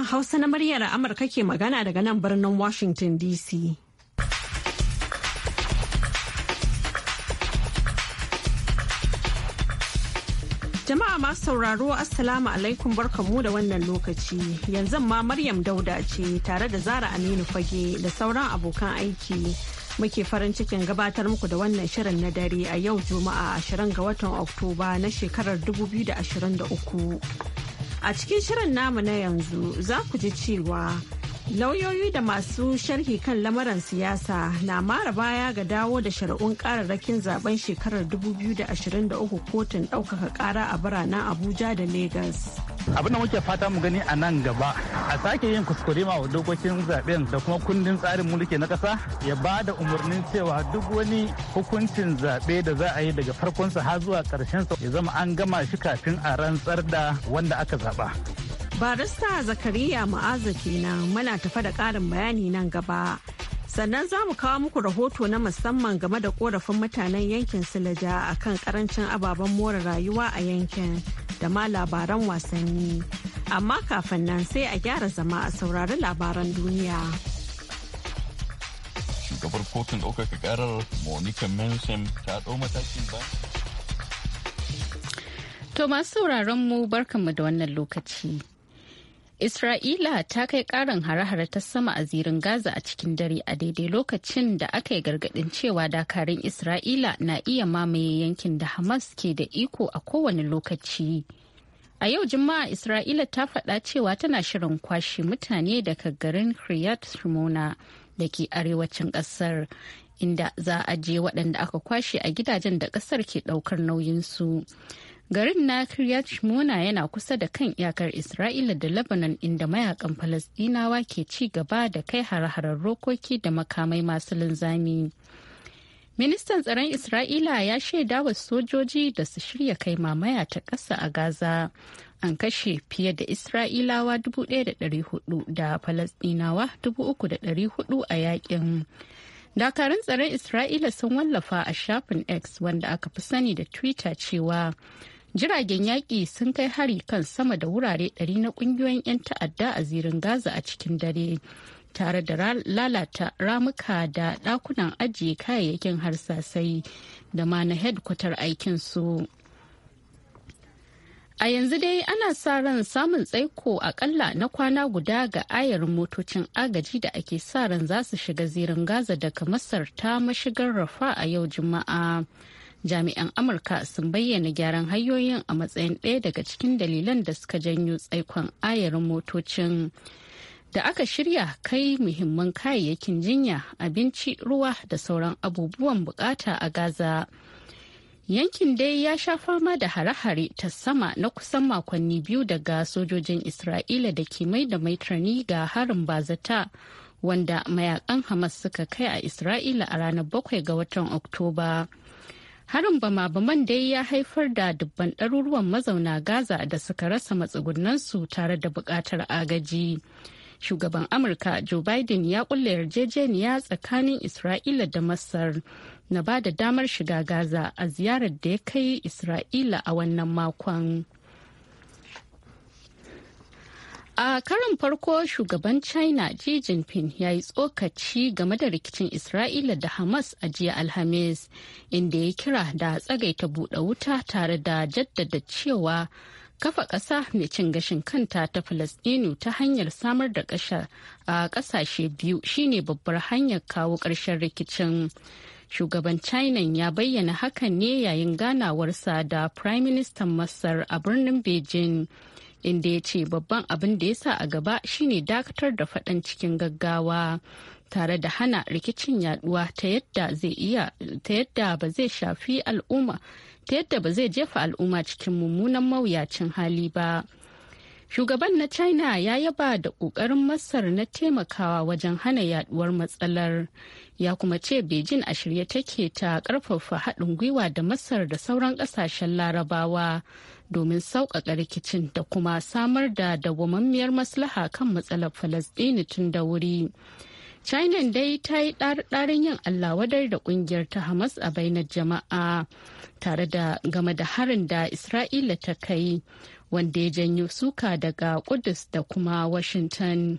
Sashen Hausa na muryar Amurka ke magana daga nan birnin Washington DC. Jama'a ma sauraro Assalamu alaikum barkamu da wannan lokaci. Yanzu ma Maryam Dauda ce tare da Zara Aminu Fage da sauran abokan aiki. Muke farin cikin gabatar muku da wannan shirin na dare a yau Juma'a 20 ga watan Oktoba na shekarar 2023. A cikin shirin namu na yanzu za ku ji cewa lauyoyi da masu sharhi kan lamarin siyasa na mara baya ga dawo da shari'un kararrakin zaben shekarar 2023 kotun ɗaukaka ƙara a biranen abuja da lagos abin muke fata mu gani a nan gaba a sake yin kuskure ma dokokin zaben da kuma kundin tsarin mulki na ƙasa ya ba da umarnin cewa duk wani hukuncin zaɓe da za a yi daga farkonsa har zuwa ƙarshensa ya zama an gama shi kafin a rantsar da wanda aka zaɓa Barista Zakariya Ma'aza kenan muna tafa da karin bayani nan gaba. Sannan za mu kawo muku rahoto na musamman game da korafin mutanen yankin Silaja a kan karancin ababen more rayuwa a yankin da ma labaran wasanni. Amma kafin nan sai a gyara zama a saurari labaran duniya. Shugabar kotun ɗaukaka ƙarar Monica Mensem ta ɗau matakin ba. To masu sauraron mu barkanmu da wannan lokaci. Isra'ila ta kai karin hare-hare ta sama a zirin Gaza a cikin dare a daidai lokacin da aka yi gargadin cewa dakarun Isra'ila na iya mamaye yankin da Hamas ke da iko a kowane lokaci. A yau Juma'a Isra'ila ta faɗa cewa tana shirin kwashe mutane daga garin Kiryat Shimona da ke arewacin ƙasar inda za a je waɗanda aka kwashe a gidajen da ƙasar ke ɗaukar nauyinsu. su. Garin na Kiryat Shmona yana kusa da kan iyakar Isra'ila da Lebanon inda mayakan Falasdinawa ke ci gaba da kai har rokoki da makamai masu linzami. Ministan tsaron Isra'ila ya shaida wa sojoji da su shirya kai mamaya ta ƙasa a Gaza. An kashe fiye da Isra'ilawa 1,400 da Falasdinawa 3,400 a yakin. dakarun tsaron isra'ila sun wallafa a shafin x wanda aka fi sani da twitter cewa jiragen yaƙi sun kai hari kan sama da wurare 100 na ƙungiyoyin 'yan ta'adda a zirin gaza a cikin dare tare da lalata ramuka da ɗakunan ajiye kayayyakin harsasai da ma na hedkwatar aikinsu a yanzu dai ana sa ran samun tsaiko akalla na kwana guda ga ayar motocin agaji da ake sa ran za su shiga zirin gaza daga masar ta mashigar rafa a yau juma'a. jami'an amurka sun bayyana gyaran hanyoyin a matsayin ɗaya daga cikin dalilan da suka janyo tsaikon ayarin motocin da aka shirya kai muhimman kayayyakin jinya abinci ruwa da sauran abubuwan bukata a gaza yankin dai ya sha fama da hare-hare ta sama na kusan makonni biyu daga sojojin isra'ila da ke mai da maitrani ga harin bazata wanda mayakan hamas suka kai a isra'ila a ranar 7 ga watan oktoba Harin bama-baman dai ya haifar da dubban ɗaruruwan mazauna Gaza da suka rasa matsugunansu tare da buƙatar agaji. Shugaban Amurka Joe Biden ya ƙulla yarjejeniya tsakanin Isra'ila da Masar na ba da damar shiga Gaza a ziyarar da ya kai Isra'ila a wannan makon. A karon farko shugaban China Xi Jinping ya yi tsokaci game da rikicin Isra'ila da Hamas a jiya Alhamis, inda ya kira da tsagaita buɗe wuta tare da jaddada cewa kafa ƙasa mai cin gashin kanta ta Falasɗinu ta hanyar samar da ƙasha a ƙasashe biyu shine babbar hanyar kawo ƙarshen rikicin. Shugaban China ya bayyana hakan ne yayin ganawarsa da Prime Minister Masar a birnin Beijing. inda ya ce babban abin da ya sa a gaba shine dakatar da faɗan cikin gaggawa tare da hana rikicin yaduwa ta yadda zai ta yadda ba zai shafi al'umma ta yadda ba zai jefa al'umma cikin mummunan mawuyacin hali ba. Shugaban na China ya yaba da ƙoƙarin Masar na taimakawa wajen hana yaduwar matsalar. Ya kuma ce Beijing a shirye take ta ƙarfafa haɗin gwiwa da Masar da sauran ƙasashen larabawa domin sauƙaƙa rikicin da kuma samar da dawwammamiyar maslaha kan matsalar Falasɗini tun da wuri. china dai ta yi ɗarin yin allah wadar da ƙungiyar ta hamas a bainar jama'a tare da game da harin da isra'ila ta kai wanda ya janyo suka daga Kudus da kuma Washington.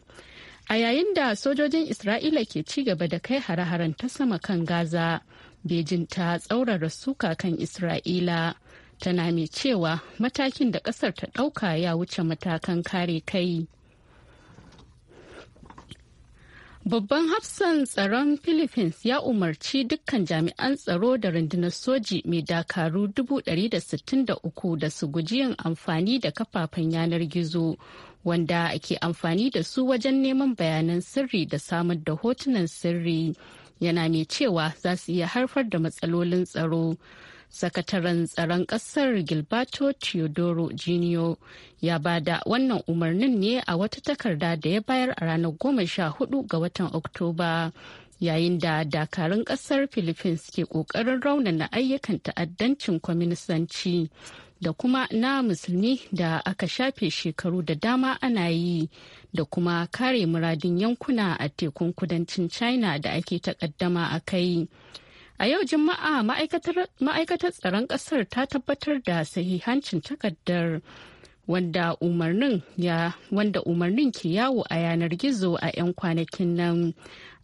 A yayin da sojojin Isra'ila ke ci gaba da kai hare-haren ta sama kan Gaza, Beijing ta tsaurara suka kan Isra'ila. Tana mai cewa matakin da ƙasar ta ɗauka ya wuce matakan kare kai. Babban hafsan tsaron Philippines ya umarci dukkan jami'an tsaro da rundunar soji mai dakaru 163 da su guji yin amfani da kafafen yanar gizo wanda ake amfani da su wajen neman bayanan sirri da samar da hotunan sirri yana mai cewa za su iya harfar da matsalolin tsaro. sakataren tsaron ƙasar gilberto teodoro jr ya bada wannan umarnin ne a wata takarda da ya bayar a ranar goma sha hudu ga watan oktoba yayin da dakarun ƙasar philippines ke ƙoƙarin raunana ayyukan ta'addancin kwaminisanci da kuma na musulmi da aka shafe shekaru da dama ana yi da kuma kare muradin yankuna a tekun kudancin china da ake takaddama a kai A yau Juma'a ma'aikatar tsaron ƙasar ta tabbatar da sahihancin takardar wanda umarnin ke yawo a yanar gizo a 'yan kwanakin nan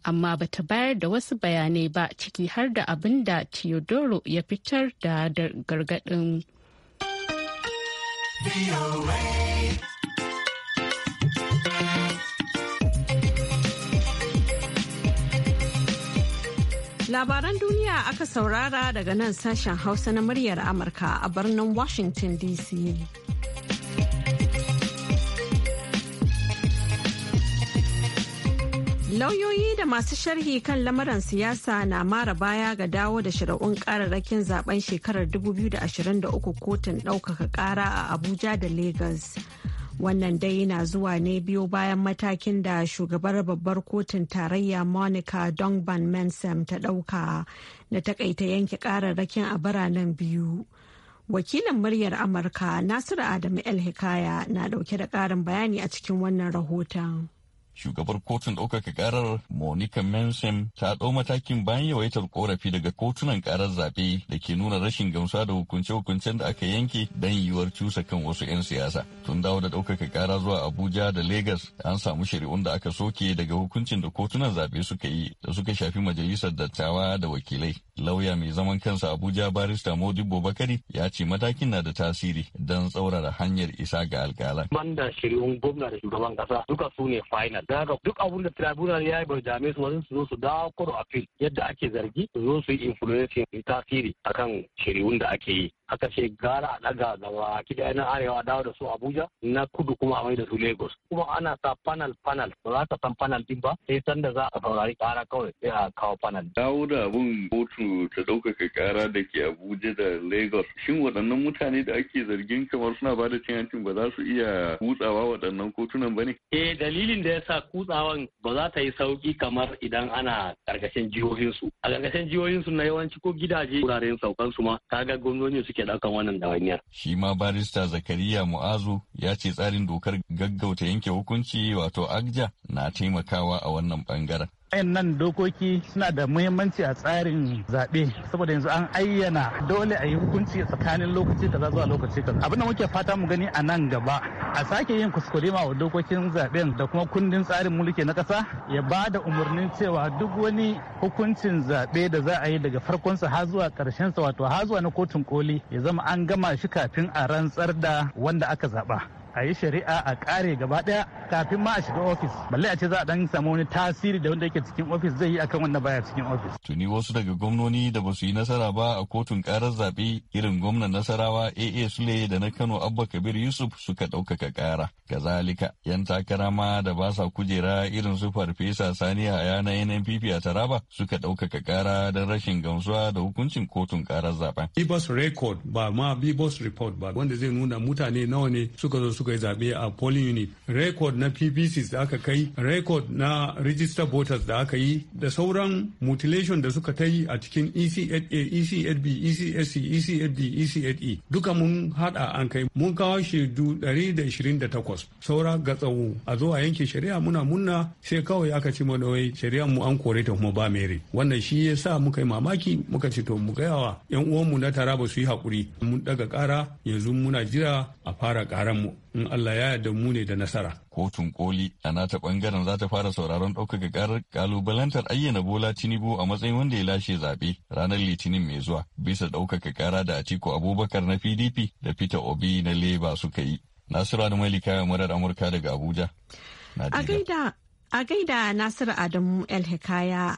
amma ba ta bayar da wasu bayanai ba ciki har da abin da Teodoro ya fitar da gargadin. Labaran duniya aka saurara daga nan sashen Hausa na muryar Amurka a birnin Washington DC. Lauyoyi da masu sharhi kan lamuran siyasa na mara baya ga dawo da shari'un kararrakin zaben shekarar 2023 kotun ɗaukaka ƙara a Abuja da Legas. Wannan dai na zuwa ne biyo bayan matakin da shugabar babbar kotun tarayya Monica Dongban Mensem ta ɗauka na takaita yanke kararrakin a biranen biyu. Wakilin muryar Amurka Nasiru Adamu El Hikaya na ɗauke da ƙarin bayani a cikin wannan rahoton. shugabar kotun ɗaukaka karar monica mensem ta ɗau matakin bayan yawaitar korafi daga kotunan karar zaɓe da ke nuna rashin gamsuwa da hukunce-hukuncen da aka yanke don yiwuwar cusa kan wasu 'yan siyasa tun dawo da ɗaukaka kara zuwa abuja da lagos an samu shari'un da aka soke daga hukuncin da kotunan zaɓe suka yi da suka shafi majalisar dattawa da wakilai lauya mai zaman kansa abuja barista modibo bakari ya ce matakin na da tasiri don tsaurara hanyar isa ga alƙalan. banda shari'un gwamna da shugaban kasa duka su ne final duk abun da tribunal ya yi bai dame su wajen su zo su dawo koro fil yadda ake zargi su zo su yi influencing tasiri akan shari'un da ake yi aka ce gara a daga gaba kida na arewa dawo da su abuja na kudu kuma a mai da su lagos kuma ana sa panel panel ba za ka san panel din ba sai sanda za a saurari ƙara kawai sai a kawo panel. dawo da abun kotu ta ɗaukaka ƙara da ke abuja da lagos shin waɗannan mutane da ake zargin kamar suna ba da cin ba za su iya kutsawa waɗannan kotunan ba ne. eh dalilin da ya sa kutsawan ba za ta yi sauki kamar idan ana ƙarƙashin jihohinsu a ƙarƙashin jihohinsu na yawanci ko gidaje wuraren saukansu ma kaga gwamnoni suke ke daukan wannan dawainiyar. Shi ma barista Zakariya Mu'azu ya ce tsarin dokar gaggauta yanke hukunci wato agja na taimakawa a wannan bangaren. nan dokoki suna da muhimmanci a tsarin zaɓe saboda yanzu an ayyana dole a yi hukunci tsakanin lokaci kaza zuwa lokaci kaza abinda muke fata mu gani a nan gaba a sake yin kuskure ma wa dokokin zaɓen da kuma kundin tsarin mulki na ƙasa ya ba da umarnin cewa duk wani hukuncin zaɓe da za a yi daga farkonsa har zuwa ƙarshensa wato har zuwa na kotun koli ya zama an gama shi kafin a rantsar da wanda aka zaɓa a yi shari'a a kare gaba daya kafin ma a shiga ofis balle a ce za a dan samu wani tasiri da wanda yake cikin ofis zai yi akan wanda baya cikin ofis tuni wasu daga gwamnoni da ba su yi nasara ba a kotun karar zabe irin gwamnan nasarawa AA Sule da na Kano Abba Kabir Yusuf suka ɗaukaka kara kazalika yan takara ma da ba sa kujera irin su farfesa Sani Haya na NNPP a Taraba suka ɗaukaka kara don rashin gamsuwa da hukuncin kotun karar zaben bibos record ba ma bibos report ba wanda zai nuna mutane nawa ne suka zo suka suka yi zaɓe a polling unit record na pbc da aka kai record na register voters da aka yi da sauran mutilation da suka ta yi a cikin echa ecfb ecsc ecfd eche duka mun hada an kai mun kawo shaidu 128 saura ga tsawo a zo a yanke shari'a muna munna sai kawai aka ci mana wai shari'a mu an kore ta kuma ba mere wannan shi ya sa muka yi mamaki muka ce to mu gaya wa yan uwanmu na tara ba su yi hakuri mun daga ƙara yanzu muna jira a fara karan mu in Allah ya yarda mu ne da nasara. Kotun koli a nata bangaren za ta fara sauraron ɗaukaka karar kalubalantar ayyana Bola Tinubu a matsayin wanda ya lashe zaɓe ranar Litinin mai zuwa bisa ɗaukaka kara da Atiku Abubakar na PDP da Peter Obi na Labour suka yi. Nasiru Adamali kayan murar Amurka daga Abuja. A gaida Nasiru Adamu El Hikaya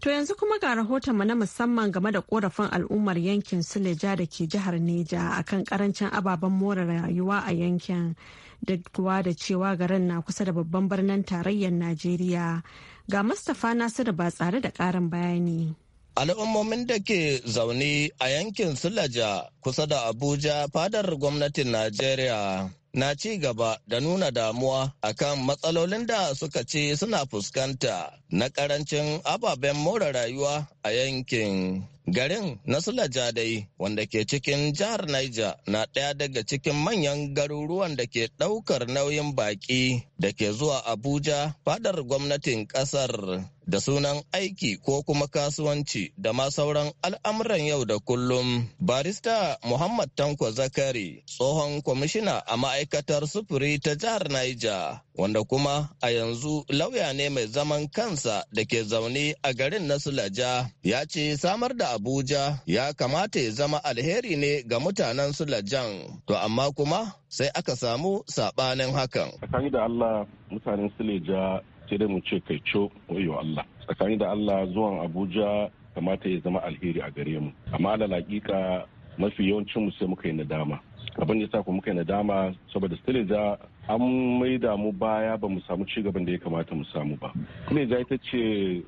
To yanzu kuma ga rahoton mu na musamman game da korafin al'ummar yankin Suleja da ke jihar Neja akan karancin ababen more rayuwa a yankin duk da cewa garin na kusa da babban birnin tarayyar Najeriya. Ga Mustapha Nasiru ba tsare da ƙarin bayani. al'ummomin da ke zaune a yankin Suleja kusa da abuja fadar gwamnatin najeriya na ci gaba da nuna damuwa akan matsalolin da suka ce suna fuskanta na karancin ababen more rayuwa a yankin garin na Jadai, wanda ke cikin jihar Niger na ɗaya daga cikin manyan garuruwan da ke ɗaukar nauyin baƙi da ke zuwa Abuja fadar gwamnatin ƙasar da sunan aiki ko kuma kasuwanci da ma sauran al'amuran yau da kullum. Barista Muhammad Tanko Zakari, tsohon kwamishina a ma'aikatar sufuri ta jihar Niger, wanda kuma a yanzu lauya ne mai zaman kansa da ke zaune a garin na Sulaja ya ce samar da Abuja ya kamata ya zama alheri ne ga mutanen Sulajan to amma kuma sai aka samu sabanin hakan. Tsakani da Allah mutanen Sulaja sai dai mu ce kai co wayo Allah. Tsakani da Allah zuwan Abuja kamata ya zama alheri a gare mu amma da hakika mafi yawancin mu sai muka yi nadama abin da sa ku muka yi nadama saboda Sulaja an maida mu baya ba mu samu gaban da ya kamata mu samu ba kuma ya ita ce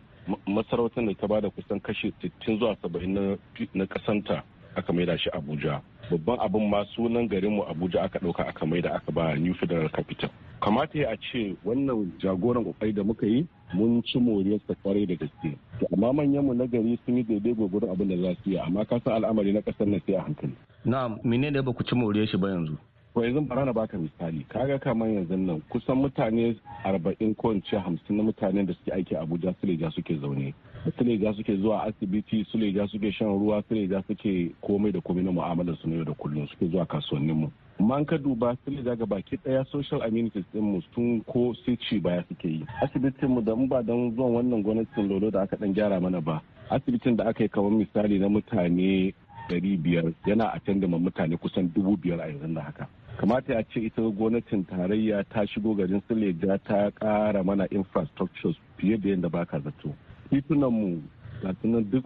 masarautar da ta bada kusan kashe 60 zuwa saba'in na kasanta aka maida shi abuja babban abin ma sunan mu abuja aka ɗauka aka maida aka ba new federal capital kamata ya ce wannan jagoran kokari da muka yi mun ci moriyarsa kwarai da gaske amma manyanmu na gari sun yi daidai gwagwarin abin da za su yi amma kasan al'amari na kasar na sai a hankali na'am menene ba ku ci moriyar shi ba yanzu ko yanzu bara na baka misali kaga kamar yanzu nan kusan mutane arba'in ko in hamsin na mutanen da suke aiki abuja suleja suke zaune suleja suke zuwa asibiti suleja suke shan ruwa suleja suke komai da komai na mu'amalar su na yau da kullum suke zuwa kasuwannin mu man ka duba leja ga baki daya social amenities din mu sun ko sai ci baya suke yi asibitin mu da mu ba don zuwan wannan gwamnatin lolo da aka dan gyara mana ba asibitin da aka yi kamar misali na mutane ɗari biyar yana a can ma mutane kusan dubu biyar a yanzu da haka kamata ya ce ita gwamnatin tarayya ta shigo garin suleja ta kara mana infrastructures fiye da yadda baka zato titunanmu ga sunan duk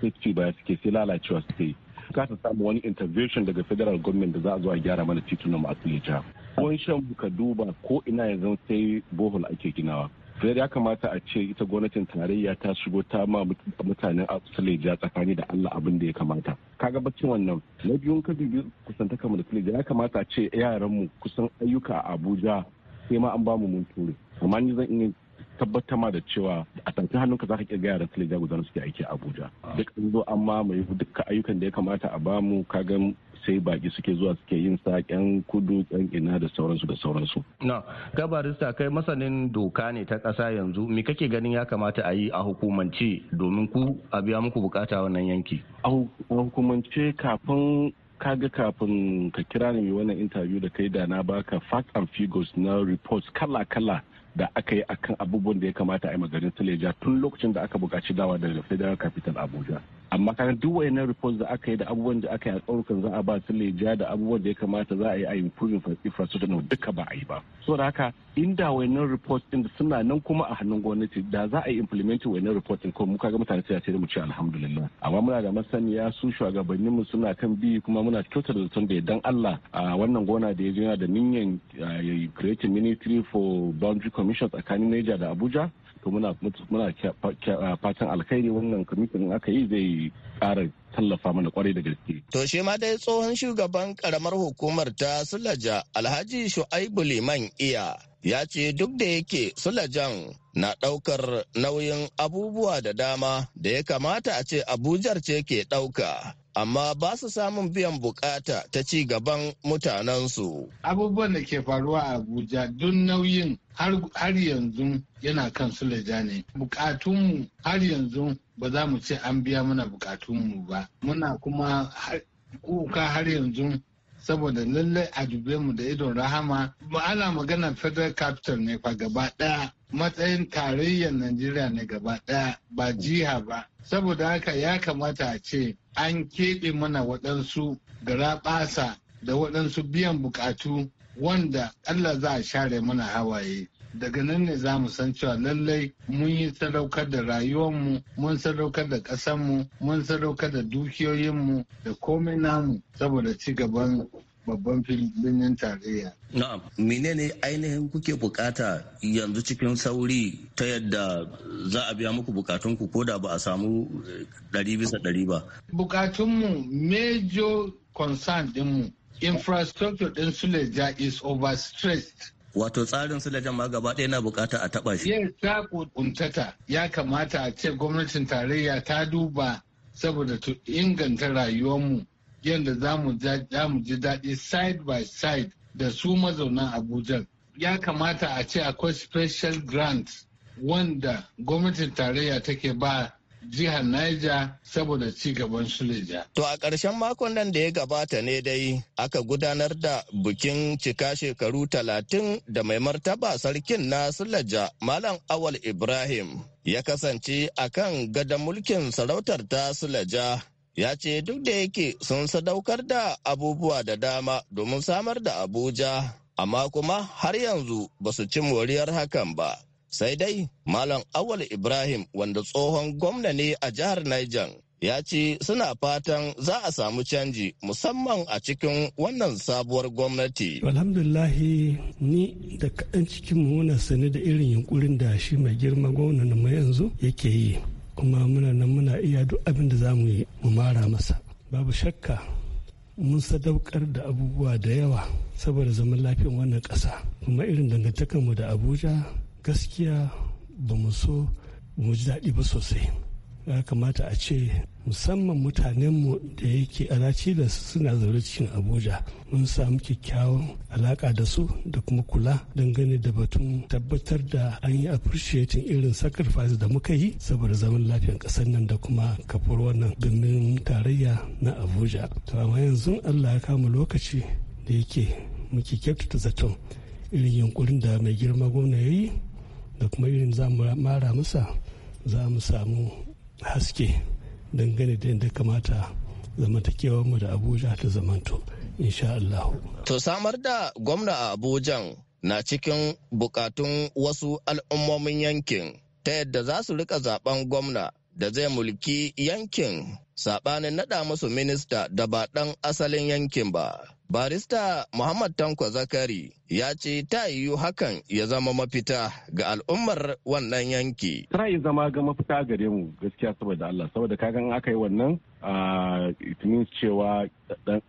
suke baya suke sai lalacewa su ke ka ta samu wani intervention daga federal government da za a zo a gyara mana titunanmu a suleja. Wani shan ka duba ko ina yanzu sai bohol ake ginawa sai ya kamata a ce ita gwamnatin tarayya ta shigo ta ma mutanen suleja tsakani da allah abin da ya kamata kaga bakin wannan na biyun ka dubi kusanta kama da suleja ya kamata a ce yaranmu kusan ayyuka a abuja sai ma an bamu mun ture amma ni zan iya tabbatar ma da cewa a tantan hannunka za ka kirga yaran suleja guda suke aiki a abuja duk an zo an mamaye duka ayyukan da ya kamata a bamu kaga sai baki suke zuwa suke yin sa yan kudu yan ina da sauransu da sauransu na ka barista kai masanin doka ne ta kasa yanzu me kake ganin ya kamata a yi a hukumance domin ku a biya muku bukata wannan yanki a hukumance kafin kaga kafin ka kira ni wannan interview da kai da na baka fact and figures na reports kala-kala da aka yi akan abubuwan da ya kamata a yi maganin tun lokacin da aka buƙaci dawa daga federal capital abuja amma kaga duk wayannan reports da aka yi da abubuwan da aka yi a tsaurukan za a ba su leja da abubuwan da ya kamata za a yi a improve infrastructure na duka ba a yi ba so da haka inda wayannan reports din suna nan kuma a hannun gwamnati da za a yi implement wayannan reports din kuma kaga mutane sai a ce da mu ce alhamdulillah amma muna da masaniya su shugabannin mu suna kan bi kuma muna kyautar da tun da dan Allah a wannan gona da ya je yana da niyyar creating ministry for boundary commission tsakanin Niger da Abuja to muna muna ah, fatan alkhairi wannan kamitin aka yi zai kara tallafa mana kwarai da gaske. To shi ma dai tsohon shugaban karamar hukumar ta Sulaja Alhaji Shu'aibu Liman Iya ya ce duk da yake Sulajan na ɗaukar nauyin abubuwa da dama da ya kamata a ce Abujar ce ke ɗauka. Amma ba su samun biyan bukata ta ci gaban mutanensu. Abubuwan da ke faruwa a Abuja duk nauyin har yanzu yana kan sulaja ne bukatunmu har yanzu ba za mu ce an biya mana bukatunmu ba muna kuma kuka har yanzu saboda lallai a dube mu da idon rahama ba ana magana federal capital ne fa gaba daya matsayin tarayyar najeriya ne gaba daya ba jiha ba saboda haka ya kamata a ce an keɓe mana waɗansu garaɓasa da waɗansu biyan bukatu wanda Allah za a share mana hawaye daga nan ne za mu san cewa lallai mun yi sadaukar da rayuwarmu mun sadaukar da ƙasarmu mun sadaukar da dukiyoyinmu da komai namu saboda ci gaban babban filin tarayya. Na'am, menene ainihin kuke bukata yanzu cikin sauri ta yadda za a biya muku bukatunku ko da ba a samu eh, ɗari bisa ɗari ba? Bukatunmu major concern dinmu infrastructure din suleja is overstressed wato tsarin sulejan ma gaba ɗaya na bukata a taɓa shi yes ta kuntata ya kamata a ce gwamnatin tarayya ta duba saboda ta inganta rayuwarmu yadda za mu ji daɗi side by side da su mazaunan abuja ya kamata a ce akwai special grant wanda gwamnatin tarayya take ba jihar Niger saboda ci gaban Suleja. To a ƙarshen makon nan da ya gabata ne dai aka gudanar da bukin cika shekaru talatin da mai martaba sarkin na Suleja Malam Awal Ibrahim ya kasance a kan gadon mulkin sarautar ta Suleja. Ya ce duk da yake sun sadaukar da abubuwa da dama domin samar da Abuja, amma kuma har yanzu ba su ci moriyar hakan ba. Sai dai Malam Awal Ibrahim wanda tsohon gwamna ne a jihar Niger ya ce suna fatan za a samu canji musamman a cikin wannan sabuwar gwamnati. Alhamdulahi ni da kaɗan cikin muna sani da irin yunkurin da shi mai girma gwamnan mu yanzu yake yi kuma muna nan muna iya duk abin da za mu yi mu mara masa. Babu shakka mun sadaukar da abubuwa da yawa saboda zaman lafiyan wannan ƙasa kuma irin dangantakarmu da Abuja gaskiya ba mu so mu ji daɗi ba sosai ya kamata a ce musamman mutanenmu da yake araci da suna zaune cikin abuja mun samu kyakkyawan alaka da su da kuma kula dangane da batun tabbatar da an yi appreciating irin sacrifice da muka yi saboda zaman lafiyar ƙasar nan da kuma kafar wannan birnin tarayya na abuja to amma yanzu allah ya kama lokaci da yake muke kyautata zaton irin yunkurin da mai girma gwamna ya yi da kuma irin za mu mara masa za mu samu haske dangane da yadda kamata mu da abuja ta zamanto insha Allah. To samar da gwamna a abujan na cikin bukatun wasu al'ummomin yankin ta yadda za su rika zaben gwamna da zai mulki yankin saɓanin naɗa musu minista da ba ɗan asalin yankin ba. Barista Muhammad Tanko Zakari ya ce ta yiwu hakan ya zama mafita ga al'ummar wannan yanki. Tana yi zama ga mafita gare mu gaskiya saboda Allah saboda kagan aka yi wannan it means cewa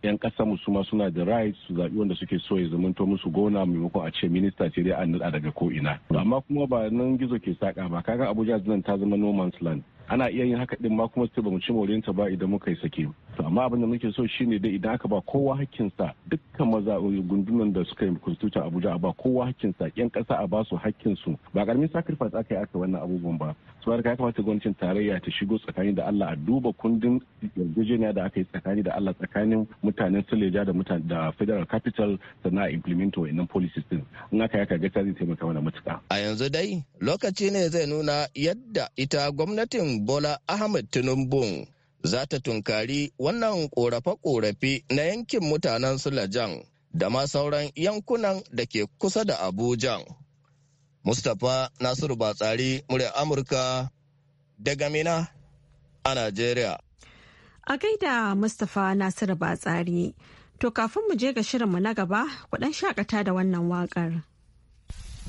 yan kasa su ma suna da rights su zaɓi wanda suke so ya zamanto musu gona maimakon a ce minista ce dai an daga ko ina. Amma kuma ba nan gizo ke saka ba kagan Abuja zan ta zama no man's land. ana iya yin haka din ma kuma ba mu ci ta ba idan muka yi sake to amma abin da muke so shine dai idan aka ba kowa sa dukkan maza eh, gundunan da suka yi constitution abuja a ba kowa sa yan kasa a ba su su ba karamin sacrifice aka yi aka wannan abubuwan ba su ya kamata gwamnatin tarayya ta shigo tsakani da allah a duba kundin yarjejeniya da aka yi tsakani da allah tsakanin mutanen suleja da mutanen da federal capital sannan a implement wa'annan policies din in aka yaka ta zai taimaka mana matuka a yanzu dai lokaci ne zai nuna yadda ita gwamnatin Bola Ahmed Tinubu za ta tunkari wannan korafe-korafe na yankin mutanen Sulajan da ma sauran yankunan da ke kusa da Abuja. Mustapha Nasiru Batsari, murya Amurka daga Mina a Najeriya. A gaida Mustapha Nasiru Batsari, to kafin mu je ga shirinmu na gaba, kudan shakata da wannan waƙar.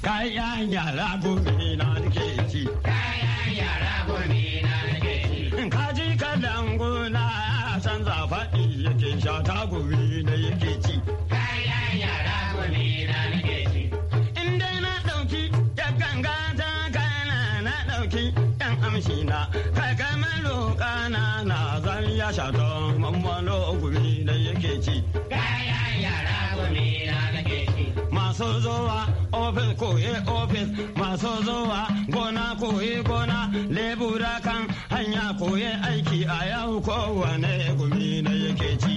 Kayan yara gobe na nake ci. Kayan yara gobe gobe na yake Kaya yara gobe na nake ci. In dai na ɗauki ya gangata, ta kana na ɗauki ɗan amshi na. Kaga malo kana na zan ya shato mamalo gobe na yake ci. Kaya yara gobe na nake ci. Masu zowa ofis koye ofis masu zowa gona koyi gona lebura kan hanya koye aiki a yau kowane gumi na yake ci.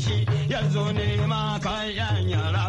shi yanzu ne ma yan yara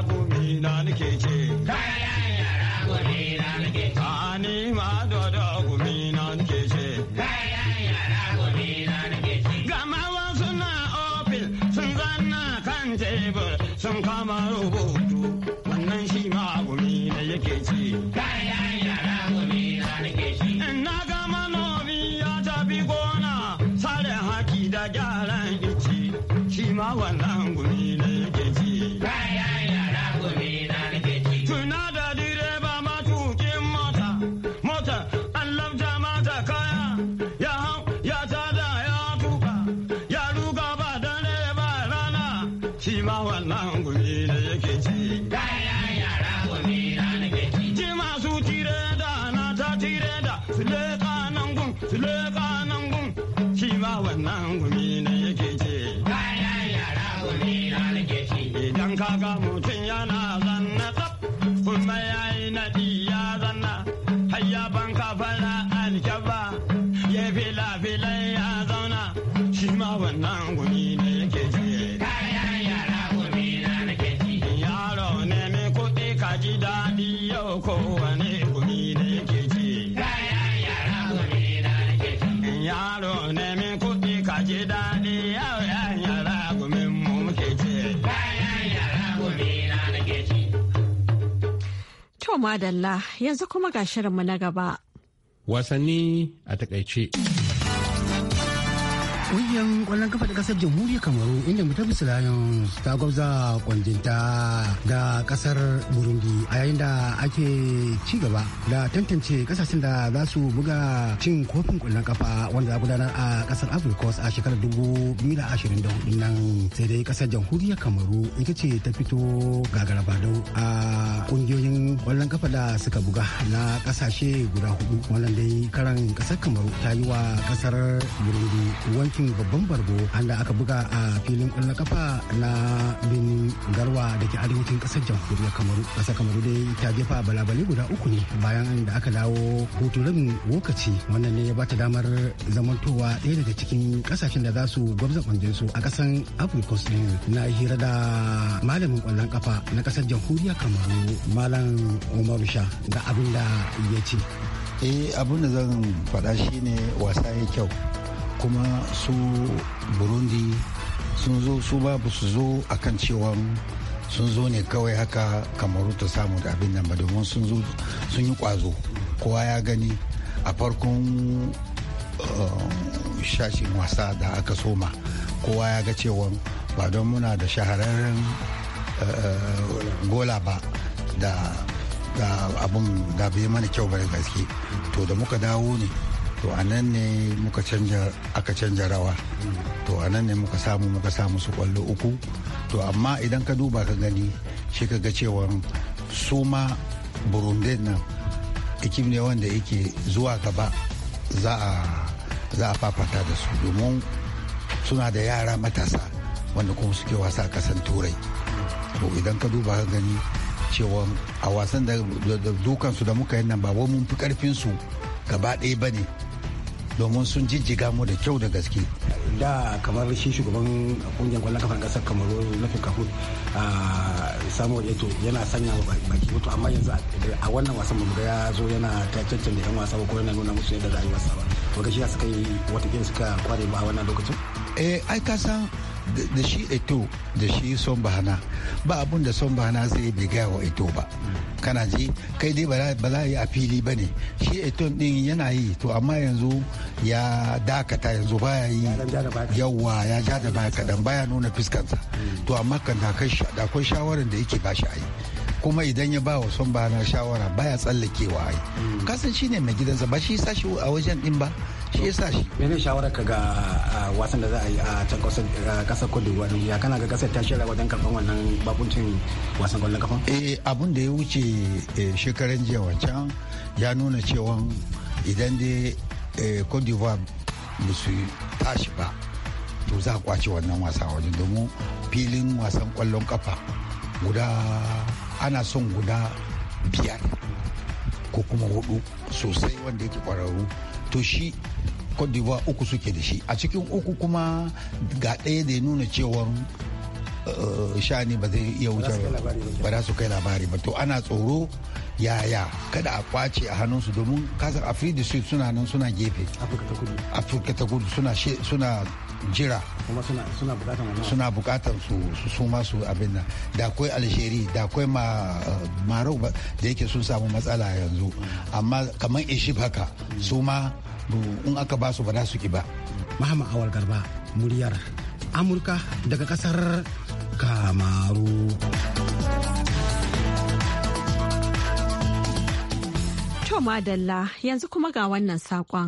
kowane gumi da yake ci. Yaro nemi kuɗi ka ji daɗi yau yan yara gumin mu muke ce. To madalla yanzu kuma ga shirinmu na gaba. Wasanni a takaice. Ƙungiyar kwallon kafa ta kasar jamhuriyar Kamaru inda Mutafis Lions ta gwabza kwanjinta da kasar Burundi a yayin da ake ci gaba da tantance ƙasashen da za su buga cin kofin kwallon kafa wanda za gudanar a kasar Africa a shekarar 2024 nan sai dai ƙasar jamhuriyar Kamaru ita ce ta fito gagara ba a ƙungiyoyin kwallon kafa da suka buga na kasashe guda hudu wannan dai karan kasar Kamaru ta yi wa kasar Burundi wanke cin babban bargo da aka buga a filin kwallon kafa na bin garwa da ke arewacin kasar jamhuriyar kamaru kasar kamaru dai ta jefa balabalai guda uku ne bayan da aka dawo hutu rabin lokaci wannan ne ya bata damar zamantowa ɗaya daga cikin kasashen da za su gwabza kwanjin su a kasan africos din na hira da malamin kwallon kafa na kasar jamhuriyar kamaru malam umaru sha da abin da ya ce eh abin da zan faɗa shine wasa ya kyau kuma su burundi sun zo su babu su zo akan cewa sun zo ne kawai haka kamaru ta samu da abin nan ba domin sun zo sun yi kwazo kowa ya gani a farkon eh, shashin wasa da aka soma kowa ya ga cewa ba don muna da shahararren eh, gola ba da abin da bai mana kyau ba gaske to da muka dawo ne to a nan ne muka canja aka canja rawa to a nan ne muka samu muka samu su kwallo uku to amma idan ka duba ka gani shi ka ga cewa su ma burundi nan ikim ne wanda yake zuwa gaba za a fafata da su domin suna da yara matasa wanda kuma suke wasa kasan turai to idan ka duba ka gani cewa a wasan da dukansu da muka yi nan ba mun fi karfin su gaba ɗaya bane. domin sun jijjiga mu da kyau da gaske da kamar shi shugaban kungiyar kwallon kafar kasar kamaru lafi a samuel eto yana sanya baki mutu amma yanzu a wannan wasan ba ya zo yana ta da yan wasa ko yana nuna musu yadda sa ba to gashi suka yi wata suka kware ba a wannan lokacin eh ai ka san da shi eto da shi son bahana ba abun da son bahana zai bai gaya wa eto ba kana ji kai dai ba za yi a fili ba ne shi eto din yana yi to amma yanzu ya dakata yanzu baya yi yawa ya ja da baya kadan baya nuna fuskansa hmm. to amma kan da shawarar da yake ba shi a yi kuma idan ya ba wa son bahana shawara baya tsallakewa a yi hmm. kasan shi ne mai gidansa ba shi sashi a wajen din ba shi yasa shi mene shawara ka ga wasan da za a yi a can kasar kudu wani ya kana ga kasar ta shirya wajen karban wannan babuncin wasan kwallon kafa eh abun da ya wuce eh, shekaran jiya wancan ya nuna cewa idan dai eh, Cote d'Ivoire ba su tashi ba to za a kwace wannan wasa wajen domin filin wasan kwallon kafa guda ana son guda biyar ko kuma hudu sosai wanda yake kwararru to shi cote d'ivoire uku suke da shi a cikin uku kuma ga ɗaya da ya nuna cewar eh, shani ba zai iya wuce ba za su kai labari ba to ana tsoro yaya kada a kwace a hannunsu domin kasar afirka suna nan suna gefe afirka ta kudu suna jira kuma suna bukatar suna su su suma su abin nan da akwai alsheri da akwai marau da yake sun samu matsala yanzu amma kamar ishib haka su ma in aka ba su ba za su ki ba mahama awal garba muryar amurka daga kasar kamaru to madalla yanzu kuma ga wannan saƙon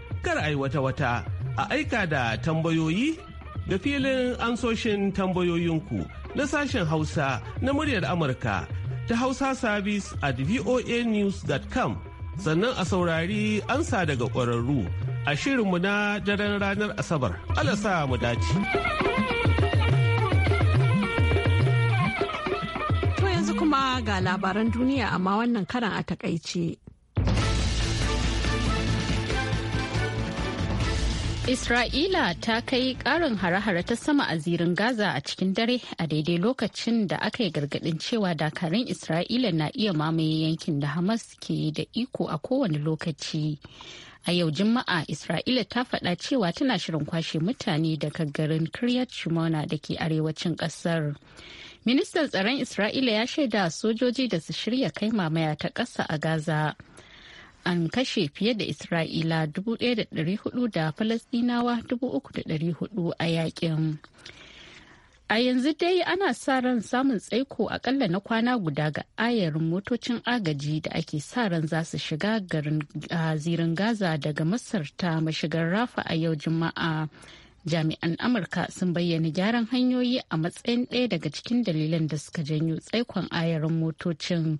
kar a yi wata-wata a aika da tambayoyi da filin ansoshin tambayoyinku na sashen hausa na muryar amurka ta hausa service at voanews.com sannan a saurari ansa daga ƙwararru a shirinmu na daren ranar asabar alasa mu dace kuma ga labaran duniya amma wannan karan a takaice Isra'ila ta kai ƙarin hare-hare ta sama a zirin Gaza a cikin dare a daidai lokacin da aka yi gargadin cewa dakarun Isra'ila na iya mamaye yankin da Hamas ke da iko a kowane lokaci. A yau Juma'a Isra'ila ta faɗa cewa tana shirin kwashe mutane daga garin Kiryat Shimona da ke arewacin ƙasar. Ministan tsaron Isra'ila ya shaida sojoji da su shirya kai mamaya ta ƙasa a Gaza. an kashe fiye da isra'ila 1,400 da falasdinawa 3,400 a yakin a yanzu dai ana sa ran samun tsaiko akalla na kwana guda ga ayarin motocin agaji da ake sa ran za su shiga garin zirin gaza daga masar ta mashigar rafa a yau juma'a jami'an amurka sun bayyana gyaran hanyoyi a matsayin ɗaya daga cikin dalilan da suka janyo tsaikon ayarin motocin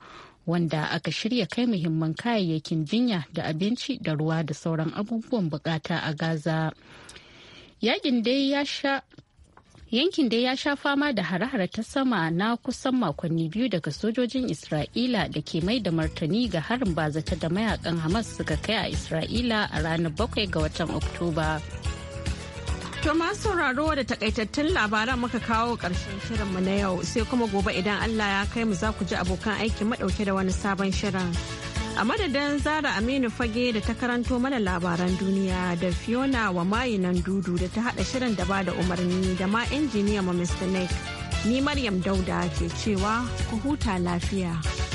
wanda aka shirya kai muhimman kayayyakin jinya da abinci da ruwa da sauran abubuwan bukata a gaza yakin dai ya sha yankin dai ya sha fama da hare-hare ta sama na kusan makonni biyu daga sojojin isra'ila da ke mai da martani ga harin bazata da mayakan hamas suka kai a isra'ila a ranar 7 ga watan oktoba To masu sauraro da takaitattun labaran muka kawo ƙarshen mu na yau sai kuma gobe idan Allah ya kai mu za ku ji abokan aiki maɗauke da wani sabon shirin. A madadin Zara Aminu Fage da ta karanto mana labaran duniya da Fiona wa mayinan dudu da ta haɗa shirin da ba da umarni da ma injiniya ma Mr. Nick. Ni Maryam Dauda ke cewa ku huta lafiya.